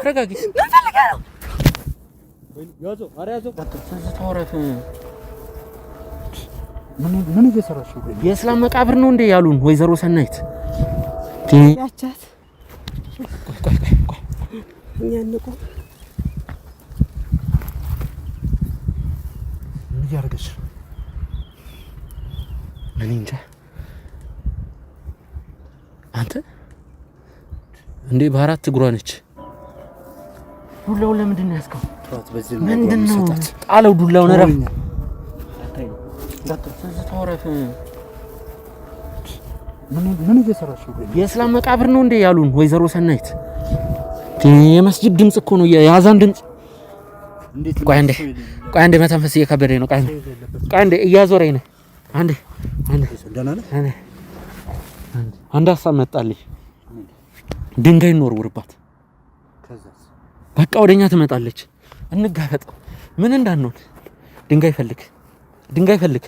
ተረጋጊ። ምን ፈልገህ ነው? ምን እየሰራሽ? የእስላም መቃብር ነው እንዴ ያሉን ወይዘሮ ሰናይት ያቻት እያደረገች እኔ እንጃ። አንተ እንዴ በአራት እግሯ ነች። ዱላውን ለምንድን ነው ያዝከው? ምንድን ነው ጣለው? ዱላውን እረፍ። ምን እየሰራሽ? የእስላም መቃብር ነው እንዴ ያሉን ወይዘሮ ሰናይት? የመስጅድ ድምጽ እኮ ነው፣ የአዛን ድምፅ። ቆይ አንዴ፣ ቆይ አንዴ፣ መተንፈስ እየከበደኝ ነው። ቆይ አንዴ፣ እያዞረኝ ነው። አንዴ፣ አንድ ሀሳብ መጣልኝ። ድንጋይ እንወርውርባት በቃ ወደኛ ትመጣለች። እንጋፈጥ። ምን እንዳንሆን። ድንጋይ ፈልግ፣ ድንጋይ ፈልግ።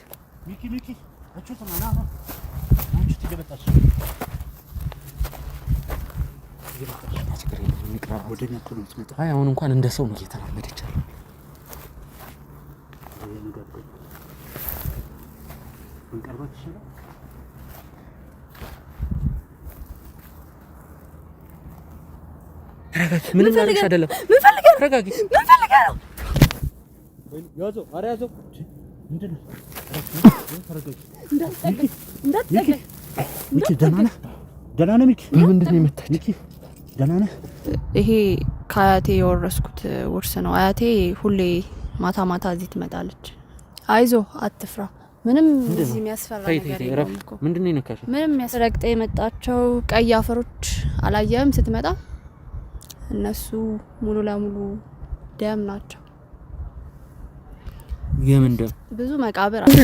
አሁን እንኳን እንደ ሰው ነው እየተራመደች ያለው። እንቀርባት ይችላል ምንም አደረግሽ አይደለም። ምን ፈልገህ ነው? ምን ፈልገህ ነው? ይሄ ከአያቴ የወረስኩት ውርስ ነው። አያቴ ሁሌ ማታ ማታ እዚህ ትመጣለች። አይዞ አትፍራ። ምንም እዚህ የሚያስፈራ ነገር የለም ምንም ረግጠ የመጣቸው ቀይ አፈሮች አላየህም ስትመጣ እነሱ ሙሉ ለሙሉ ደም ናቸው። የምን ደም? ብዙ መቃብር አለ።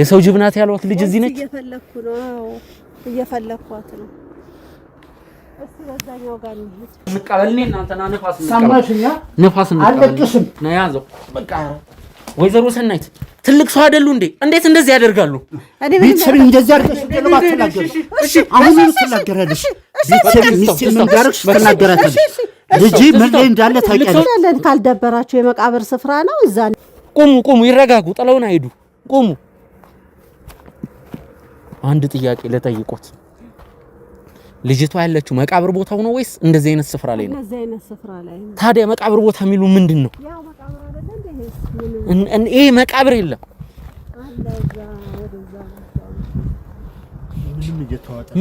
የሰው ጅብ ናት ያሏት ልጅ እዚህ ነች። እየፈለኩ ነው፣ እየፈለኳት ነው። እሱ በዛኛው ጋር ነው። እንቀበል። እናንተና ነፋስ፣ ሰማሽኛ? ነፋስ ነው። አልለቅስም ነው ያዘው በቃ ወይዘሮ ሰናይት ትልቅ ሰው አይደሉ እንዴ? እንዴት እንደዚህ ያደርጋሉ? ቤተሰብ እንደዚህ አድርገሽ አሁን ትናገራለሽ። ቤተሰብ ሚስት እንዳረግሽ ትናገራታለሽ። ልጅ ምን ላይ እንዳለ ታውቂያለሽ። ካልደበራቸው የመቃብር ስፍራ ነው እዛ። ቁሙ ቁሙ፣ ይረጋጉ። ጥለውን አይሄዱ። ቁሙ። አንድ ጥያቄ ለጠይቆት ልጅቷ ያለችው መቃብር ቦታው ነው ወይስ እንደዚህ አይነት ስፍራ ላይ ነው? ታዲያ መቃብር ቦታ የሚሉ ምንድን ነው? ይሄ መቃብር የለም።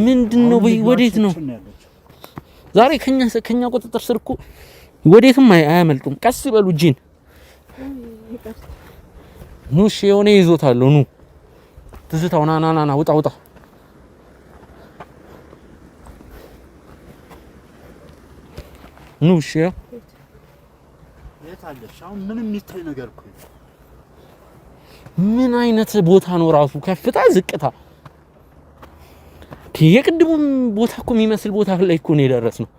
ምንድን ነው? ወዴት ነው? ዛሬ ከኛ ከኛ ቁጥጥር ስር እኮ ወዴትም አያመልጡም። ቀስ ይበሉ። ጂን ኑ፣ እሺ፣ የሆነ ይዞታል። ኑ ትዝታው፣ ና ና ና፣ ውጣ ውጣ። ኑ፣ እሺ ታውቃለሽ። አሁን ምንም የሚታይ ነገር እኮ ምን አይነት ቦታ ነው ራሱ? ከፍታ ዝቅታ፣ የቅድሙም ቦታ እኮ የሚመስል ቦታ ላይ እኮ ነው የደረስነው።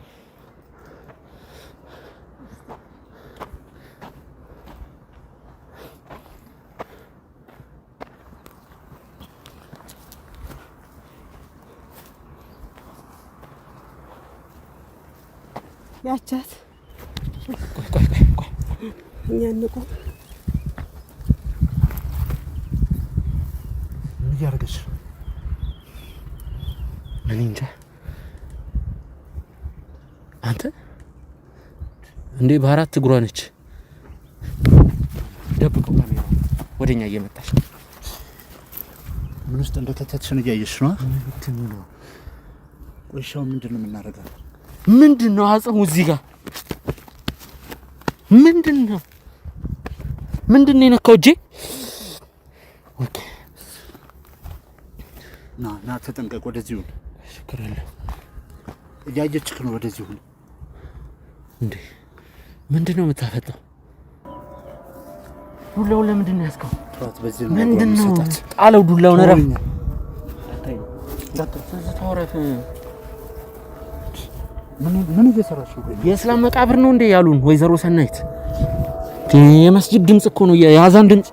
ያቻት እኛ ምን እያደረገች ነው? እኔ እንጃ። አንተ እንዴ! በአራት እግሯ ነች። ደብቀው ካሜራ እየመጣች ምን ውስጥ እንደከተትሽን እያየሽ ነው። ቆሻው ምንድን ነው የምናደርገው? ምንድን ነው አጽሙ እዚህ ጋር ምንድን ነው? ምንድን ነው የነካው? እጄ ኦኬ ና ና፣ ተጠንቀቅ። ወደዚህ ሁን። እያየችክ ነው። ወደዚህ ሁን። እንዴ ምንድን ነው የምታፈጣው? ዱላው ለምንድን ነው ያዝከው? ምንድን ነው ጣለው? ዱላው ረፍ ምን እየሰራችሁ? የእስላም መቃብር ነው እንዴ ያሉን ወይዘሮ ሰናይት የመስጂድ ድምጽ እኮ ነው፣ የአዛን ድምጽ።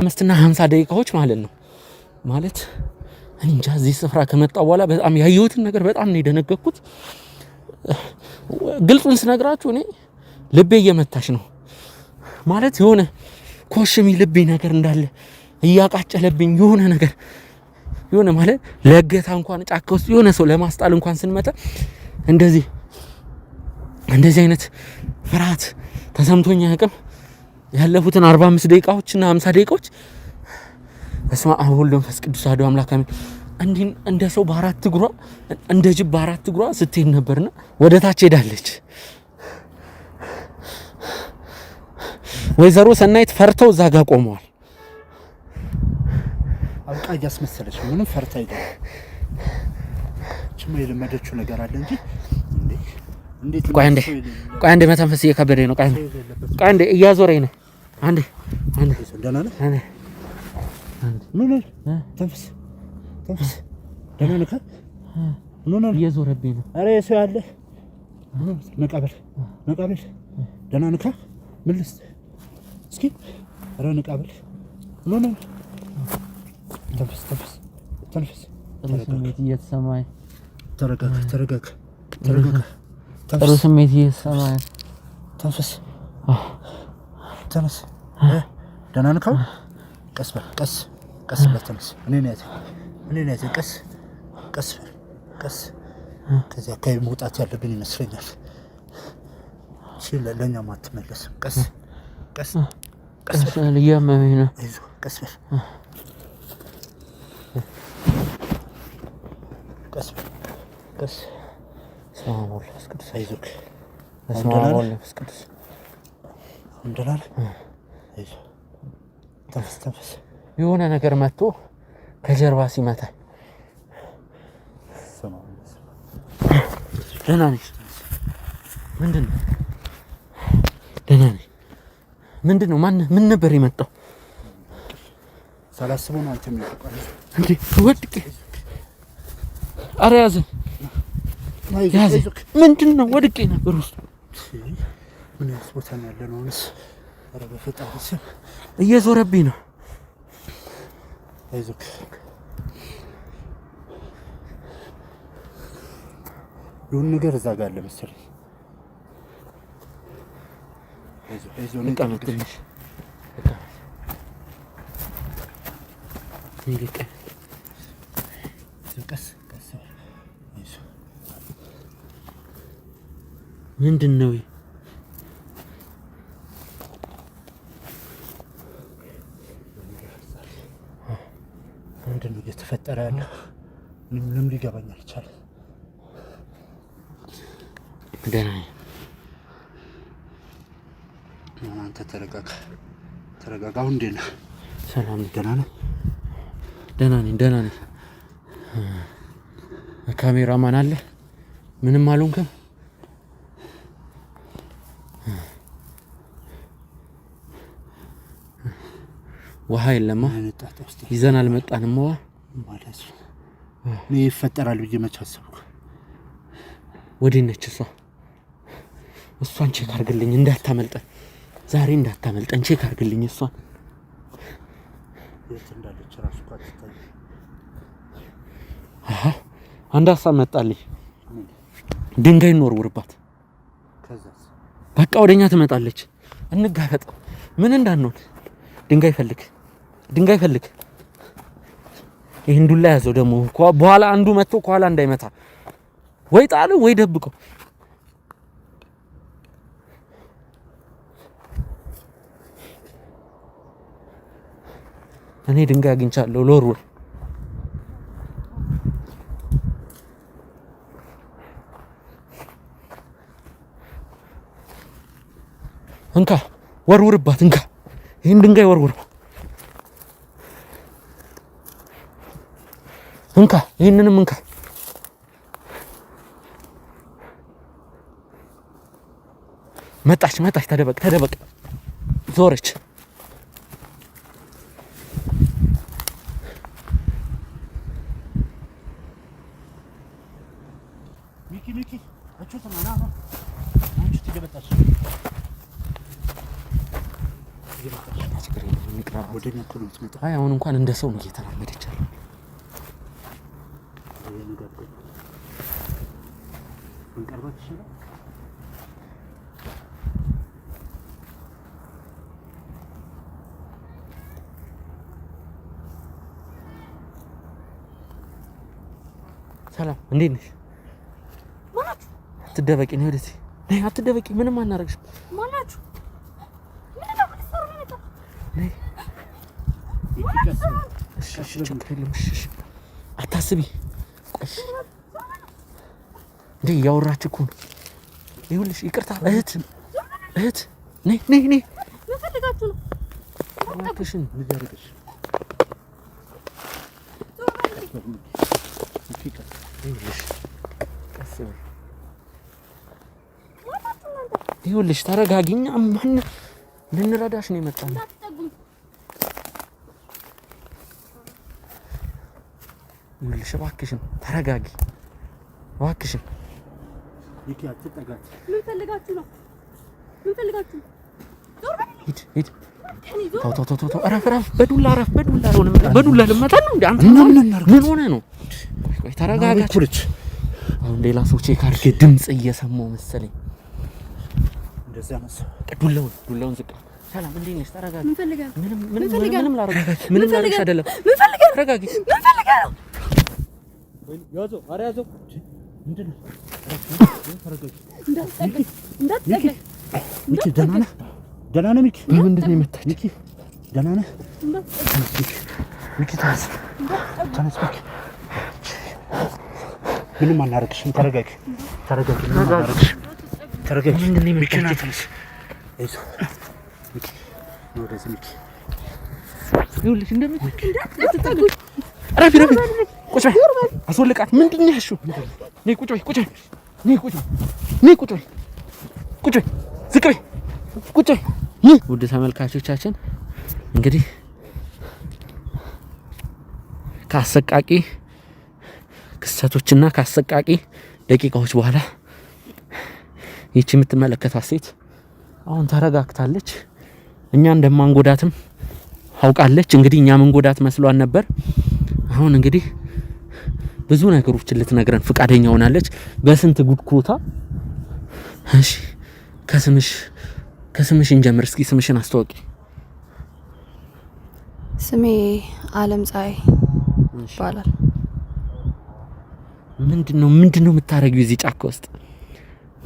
አምስትና ሀምሳ ደቂቃዎች ማለት ነው ማለት እንጃ። እዚህ ስፍራ ከመጣ በኋላ በጣም ያየሁትን ነገር በጣም ነው የደነገኩት። ግልጹን ስነግራችሁ እኔ ልቤ እየመታች ነው ማለት የሆነ ኮሽሚ ልቤ ነገር እንዳለ እያቃጨለብኝ የሆነ ነገር የሆነ ማለት ለገታ እንኳን ጫካ ውስጥ የሆነ ሰው ለማስጣል እንኳን ስንመጣ እንደዚህ እንደዚህ አይነት ፍርሃት ተሰምቶኛ አቅም ያለፉትን 45 ደቂቃዎችና 50 ደቂቃዎች በስመ አብ ወወልድ ወመንፈስ ቅዱስ አሐዱ አምላክ አሜን። እንዲህ እንደ ሰው በአራት እግሯ እንደ ጅብ በአራት እግሯ ስትሄድ ነበርና ወደ ታች ሄዳለች። ወይዘሮ ሰናይት ፈርተው እዛ ጋር ቆመዋል። አብቃ እያስመሰለች ምንም ፈርታ አይደለም። ችሞ የለመደችው ነገር አለ እንጂ ቆይ አንዴ ቆይ አንዴ መተንፈስ እየከበደኝ ነው። ቆይ አንዴ እያዞረኝ ነው። አንዴ አንዴ ደህና ነህ? ምን ሆነህ? ተንፈስ ተንፈስ። ደህና ነህ? ምን ሆነህ? እየዞረብኝ ነው። ኧረ ሰው ያለ መቃብር መቃብር። ነቃ በል። ደህና ነህ? ምን ልስጥ እስኪ። ኧረ ነቃ በል ምን ሆነህ ተንፍስ ተንፍስ ተንፍስ። ስሜት እየተሰማኝ ተረጋጋ ተረጋጋ ጥሩ ስሜት እየተሰማኝ ተንፍስ ተንፍስ። ደህና ነህ? ቀስ በል ቀስ ቀስ በል ተንፍስ። እኔ ነኝ ያዘኝ እኔ ነኝ ያዘኝ። ቀስ ቀስ በል ቀስ። ከዚህ አካባቢ መውጣት ያለብን ይመስለኛል። እሺ ለእኛም አትመለስም። ቀስ ቀስ ቀስ። እያመመኝ ነው። ቀስ በል አብ ወወልድ ወመንፈስ ቅዱስ። በስመ አብ ወወልድ ወመንፈስ ቅዱስ። የሆነ ነገር መጥቶ ከጀርባ ሲመታ ደህና ነሽ? ምንድን ነው? ደህና ምንድን ነው? ማን ምን ነበር የመጣው? ሳላስበው ነው አንተ እንዴ? ወድቄ፣ አረ ያዘኝ ምንድን ነው ወድቄ ነገር ውስጥ ምን ቦታ ነው ያለ? ነው ስ በፈጣሪ ስም እየዞረብኝ ነው። አይዞህ የሆነ ነገር እዛ ጋር አለ መሰለኝ። ቀስ ቀስ ምንድን ነው? ምንድን ነው እየተፈጠረ ያለ? ምንም ሊገባኝ አልቻለም። ደህና ነኝ። አንተ ተረጋጋ፣ ተረጋጋ። አሁን እንዴት ነህ? ሰላም ነህ? ደህና ነህ? ደህና ነኝ፣ ደህና ነኝ። ካሜራማን አለ? ምንም አልሆንክም? ውሃ የለማ ይዘን አልመጣንም። ዋ ምን ይፈጠራል ብዬ መች አሰብኩ። ወዴት ነች እሷ? እሷን ቼክ አርግልኝ፣ እንዳታመልጠን ዛሬ እንዳታመልጠን። ቼክ አርግልኝ እሷን አንድ ሀሳብ መጣልኝ። ድንጋይ እንወርውርባት። በቃ ወደኛ ትመጣለች። እንጋፈጥ። ምን እንዳንሆን። ድንጋይ ፈልግ፣ ድንጋይ ፈልግ። ይሄን ዱላ ያዘው ደግሞ በኋላ አንዱ መጥቶ ከኋላ እንዳይመታ ወይ ጣለው ወይ ደብቀው። እኔ ድንጋይ አግኝቻለሁ ሎር እንካ ወርውርባት፣ እንካ ይህን ድንጋይ ወርውር፣ እንካ ይህንንም እንካ። መጣች፣ መጣች። ተደበቅ፣ ተደበቅ ፀሐይ አሁን እንኳን እንደ ሰው ነው እየተራመደች አለ። ሰላም እንዴት ነሽ? አትደበቂ ነው ወደዚህ። አትደበቂ፣ ምንም አናረግሽም። አታስቢ እንዴ እያወራች እኮ ነው። ይኸውልሽ ይቅርታ እህት እህት ነይ ነይ ነይ ይኸውልሽ ተረጋጊኛ። ማን ልንረዳሽ ነው የመጣነው ይኸውልሽ እባክሽን ተረጋጊ፣ እባክሽን ምን በዱላ እረፍ። ሌላ ሰው ቼክ አድርጌ ድምፅ እየሰማሁ መሰለኝ። ዱላውን ዱላውን ዝቅ። ሰላም እንዴት ነሽ? ተረጋጊ። ምንም ምንም አይደለም። ምን ምን 여줘 아래야줘 힘들어 알았어 미키 미키 미키 ደህና ነህ ደህና ነህ ሚኪ በምንድን ነው የመታች ሚኪ ደህና ነህ ሚኪ ተነስ ተነስ ሚኪ ምንም አናረግሽም ተረጋጊ ተረጋጊ ምንም አናረግሽም ተረጋጊ ምንድን ነው የመታች ተነስ አይዞህ ሚኪ ወደዚህ ሚኪ ይኸውልሽ እንደምን ረፊ ረፊ ቁጭ በይ አስወልቃት ምንድን ነው ያልሺው? ነይ ቁጭ በይ ቁጭ ነይ ቁጭ ነይ ቁጭ ቁጭ ዝቅ በይ ቁጭ። ውድ ተመልካቾቻችን እንግዲህ ከአሰቃቂ ክስተቶችና ከአሰቃቂ ደቂቃዎች በኋላ ይቺ የምትመለከታት ሴት አሁን ተረጋግታለች። እኛ እንደማንጎዳትም አውቃለች። እንግዲህ እኛ መንጎዳት መስሏን ነበር። አሁን እንግዲህ ብዙ ነገሮችን ልትነግረን ፍቃደኛ ሆናለች። በስንት ጉድ ኮታ። እሺ ከስምሽ ከስምሽ እንጀምር እስኪ ስምሽን አስተዋውቂ። ስሜ አለም ፀሐይ ይባላል። ምንድነው ምንድነው የምታደርጊው እዚህ ጫካ ውስጥ?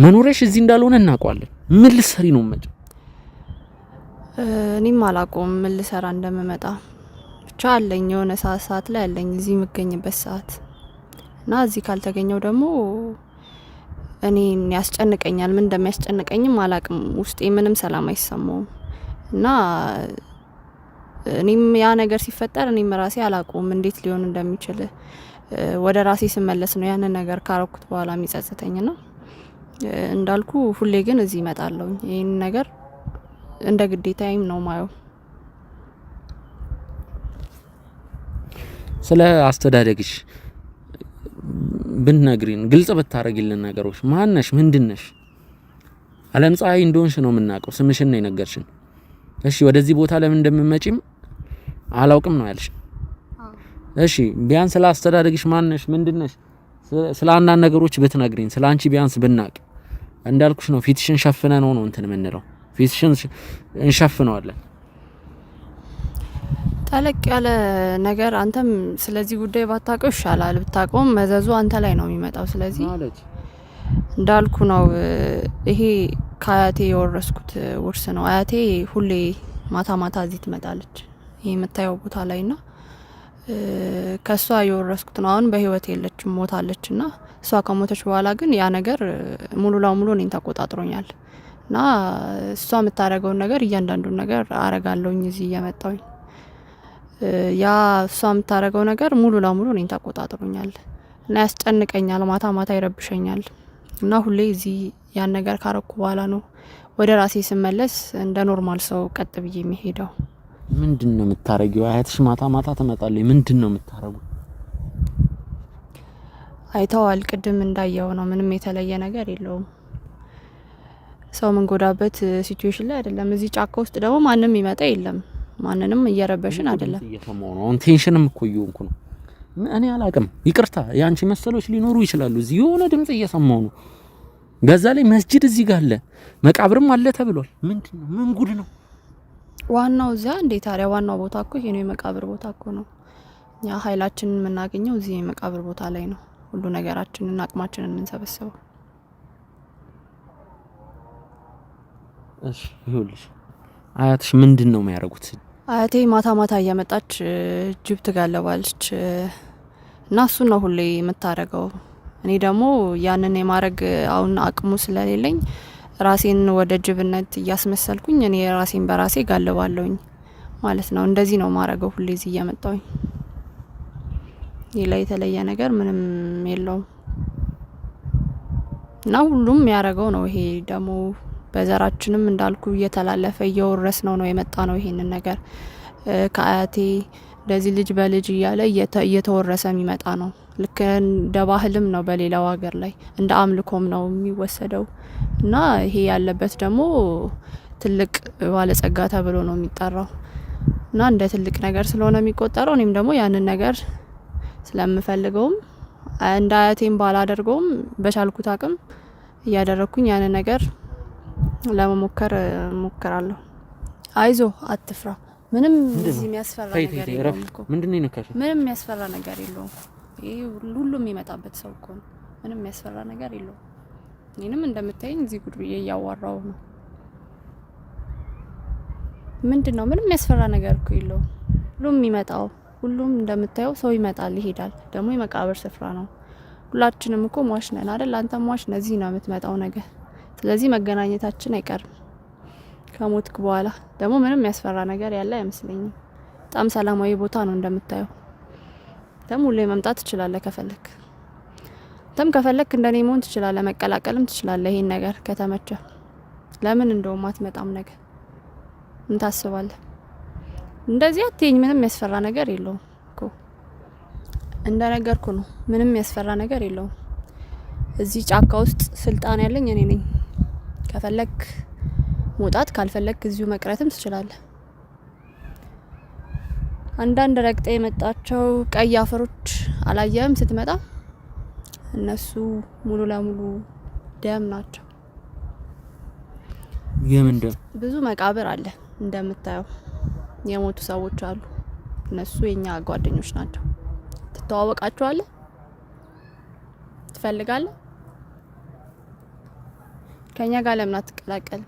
መኖሪያሽ እዚህ እንዳልሆነ እናውቀዋለን። ምን ልሰሪ ነው የምመጪው? እኔም አላውቀውም ምን ልሰራ እንደምመጣ ብቻ አለኝ የሆነ ሰዓት ሰዓት ላይ አለኝ እዚህ የምገኝበት ሰዓት እና እዚህ ካልተገኘው ደግሞ እኔን ያስጨንቀኛል። ምን እንደሚያስጨንቀኝም አላቅም። ውስጤ ምንም ሰላም አይሰማውም እና እኔም ያ ነገር ሲፈጠር እኔም ራሴ አላቁም እንዴት ሊሆን እንደሚችል። ወደ ራሴ ስመለስ ነው ያንን ነገር ካረኩት በኋላ የሚጸጽተኝ ነው። እንዳልኩ ሁሌ ግን እዚህ እመጣለሁ። ይህን ነገር እንደ ግዴታዬም ነው ማየው። ስለ አስተዳደግሽ ብትነግሪን፣ ግልጽ ብታረጊልን ነገሮች ማነሽ? ምንድነሽ? አለም ፀሐይ እንደሆንሽ ነው የምናውቀው። ስምሽን ነው የነገርሽን። እሺ ወደዚህ ቦታ ለምን እንደምመጪም አላውቅም ነው ያልሽ። እሺ ቢያንስ ስለ አስተዳደግሽ ማነሽ? ምንድነሽ? ስለ አንዳንድ ነገሮች ብትነግሪን፣ ስለ አንቺ ቢያንስ ብናቅ። እንዳልኩሽ ነው ፊትሽን ሸፍነን ነው ነው እንትን የምንለው ፊትሽን እንሸፍነዋለን። ጠለቅ ያለ ነገር አንተም ስለዚህ ጉዳይ ባታውቀው ይሻላል። ብታውቀውም መዘዙ አንተ ላይ ነው የሚመጣው። ስለዚህ እንዳልኩ ነው፣ ይሄ ከአያቴ የወረስኩት ውርስ ነው። አያቴ ሁሌ ማታ ማታ እዚህ ትመጣለች፣ ይህ የምታየው ቦታ ላይ ና ከእሷ የወረስኩት ነው። አሁን በህይወት የለች ሞታለች። ና እሷ ከሞተች በኋላ ግን ያ ነገር ሙሉ ለሙሉ እኔን ተቆጣጥሮኛል እና እሷ የምታደርገውን ነገር እያንዳንዱን ነገር አረጋለውኝ እዚህ እየመጣውኝ ያ እሷ የምታደርገው ነገር ሙሉ ለሙሉ እኔን ታቆጣጥሮኛል እና ያስጨንቀኛል። ማታ ማታ ይረብሸኛል እና ሁሌ እዚህ ያን ነገር ካረኩ በኋላ ነው ወደ ራሴ ስመለስ እንደ ኖርማል ሰው ቀጥ ብዬ የሚሄደው። ምንድን ነው የምታረጊው? አያትሽ ማታ ማታ ትመጣለች። ምንድን ነው የምታረጉ? አይተዋል። ቅድም እንዳየው ነው። ምንም የተለየ ነገር የለውም። ሰው ምንጎዳበት ሲትዌሽን ላይ አይደለም። እዚህ ጫካ ውስጥ ደግሞ ማንም ይመጣ የለም። ማንንም እየረበሽን አይደለም። ቴንሽንም እኮ እየሆንኩ ነው። እኔ አላቅም። ይቅርታ የአንቺ መሰሎች ሊኖሩ ይችላሉ። እዚህ የሆነ ድምጽ እየሰማሁ ነው። በዛ ላይ መስጅድ እዚህ ጋር አለ፣ መቃብርም አለ ተብሏል። ምንድን ነው? ምን ጉድ ነው? ዋናው እዚያ እንዴ! ታዲያ ዋናው ቦታ እኮ ይሄ ነው። የመቃብር ቦታ እኮ ነው። ያ ኃይላችንን የምናገኘው እዚህ የመቃብር ቦታ ላይ ነው። ሁሉ ነገራችንን አቅማችንን እንሰበስበው። እሺ ይኸውልሽ፣ አያትሽ ምንድን ነው የሚያደርጉት? አያቴ ማታ ማታ እየመጣች ጅብ ትጋለባለች እና እሱን ነው ሁሌ የምታደርገው። እኔ ደግሞ ያንን የማድረግ አሁን አቅሙ ስለሌለኝ ራሴን ወደ ጅብነት እያስመሰልኩኝ እኔ ራሴን በራሴ ጋለባለውኝ ማለት ነው። እንደዚህ ነው ማድረገው ሁሌ እዚህ እየመጣውኝ። ሌላ የተለየ ነገር ምንም የለውም እና ሁሉም ያደረገው ነው። ይሄ ደግሞ በዘራችንም እንዳልኩ እየተላለፈ እየወረስ ነው ነው የመጣ ነው። ይሄንን ነገር ከአያቴ እንደዚህ ልጅ በልጅ እያለ እየተወረሰ የሚመጣ ነው። ልክ እንደ ባህልም ነው በሌላው ሀገር ላይ እንደ አምልኮም ነው የሚወሰደው እና ይሄ ያለበት ደግሞ ትልቅ ባለጸጋ ተብሎ ነው የሚጠራው እና እንደ ትልቅ ነገር ስለሆነ የሚቆጠረው እኔም ደግሞ ያንን ነገር ስለምፈልገውም እንደ አያቴም ባላደርገውም በቻልኩት አቅም እያደረግኩኝ ያንን ነገር ለመሞከር እሞክራለሁ። አይዞ አትፍራ። ምንም እዚህ የሚያስፈራ ነገር የለውም ምንድን ነው የነካሽ? ምንም የሚያስፈራ ነገር የለውም። ይሄ ሁሉም የሚመጣበት ሰው እኮ ነው። ምንም የሚያስፈራ ነገር የለውም። እኔንም እንደምታየኝ እዚህ ጉድ ብዬ እያዋራው ነው። ምንድን ነው ምንም የሚያስፈራ ነገር እኮ የለውም። ሁሉም የሚመጣው ሁሉም እንደምታየው ሰው ይመጣል ይሄዳል። ደግሞ የመቃብር ስፍራ ነው። ሁላችንም እኮ ሟሽ ነን አይደል? አንተ ሟሽ ነህ። እዚህ ነው የምትመጣው ነገር ስለዚህ መገናኘታችን አይቀርም። ከሞትክ በኋላ ደግሞ ምንም ያስፈራ ነገር ያለ አይመስለኝም። በጣም ሰላማዊ ቦታ ነው እንደምታየው። ደግሞ ሁሌ መምጣት ትችላለህ ከፈለክ። ተም ከፈለክ እንደኔ መሆን ትችላለህ፣ መቀላቀልም ትችላለህ። ይሄን ነገር ከተመቸ ለምን እንደውም አትመጣም? ነገር እንታስባለህ። እንደዚህ አትይኝ። ምንም ያስፈራ ነገር የለውም እኮ እንደነገርኩ ነው። ምንም ያስፈራ ነገር የለውም። እዚህ ጫካ ውስጥ ስልጣን ያለኝ እኔ ነኝ። ከፈለግ መውጣት ካልፈለግ እዚሁ መቅረትም ትችላለህ። አንዳንድ ረግጠ የመጣቸው ቀይ አፈሮች አላየህም ስትመጣ? እነሱ ሙሉ ለሙሉ ደም ናቸው። የምን ደም? ብዙ መቃብር አለ እንደምታየው፣ የሞቱ ሰዎች አሉ። እነሱ የኛ ጓደኞች ናቸው። ትተዋወቃቸዋለህ? ትፈልጋለህ? ከኛ ጋር ለምን አትቀላቀል?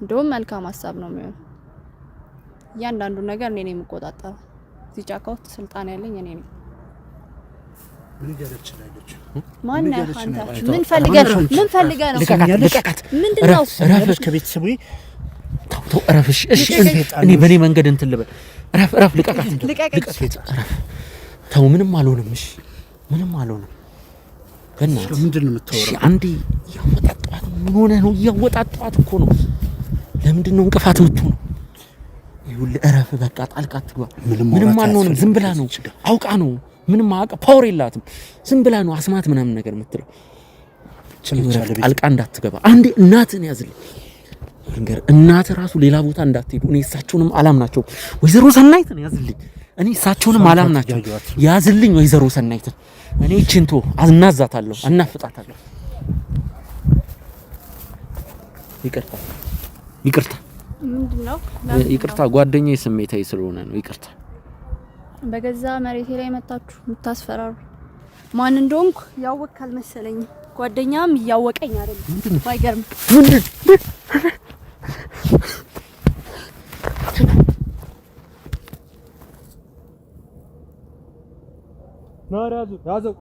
እንደውም መልካም ሀሳብ ነው የሚሆን። እያንዳንዱ ነገር እኔ ነው የምቆጣጠረው። እዚህ ጫካ ውስጥ ስልጣን ያለኝ እኔ ነው። በእኔ መንገድ እንትን ልበል። እረፍ እረፍ፣ ልቀቃት፣ ተው ምንም አልሆንም። እሺ ምንም አልሆንም። ምንድን ነው የምታወራው? አንዴ እያወጣጠዋት ምን ሆነህ ነው? እያወጣጠዋት እኮ ነው። ለምንድን ነው እንቅፋት የምትሆነው? ይኸውልህ እረፍ፣ በቃ ጣልቃ አትግባ። ምንም አንሆንም። ዝም ብላ ነው አውቃ ነው። ምንም አውቃ ፓወር የላትም። ዝም ብላ ነው አስማት ምናምን ነገር የምትለው። ጣልቃ እንዳትገባ አንዴ። እናትህን ያዝልኝ ልንገር እናት ራሱ ሌላ ቦታ እንዳትሄዱ። እኔ እሳቸውንም አላም ናቸው። ወይዘሮ ሰናይትን ያዝልኝ። እኔ እሳቸውንም አላም ናቸው። ያዝልኝ ወይዘሮ ሰናይትን። እኔ ችንቶ አናዛታለሁ፣ አናፍጣታለሁ። ይቅርታ፣ ይቅርታ፣ ይቅርታ። ጓደኛዬ ስሜታዊ ስለሆነ ነው። ይቅርታ። በገዛ መሬቴ ላይ መታችሁ የምታስፈራሩ ማን እንደሆንኩ ያወቅ አልመሰለኝም። ጓደኛም እያወቀኝ አይደለም። ባይገርም ምንድን Ne Razu, Razu.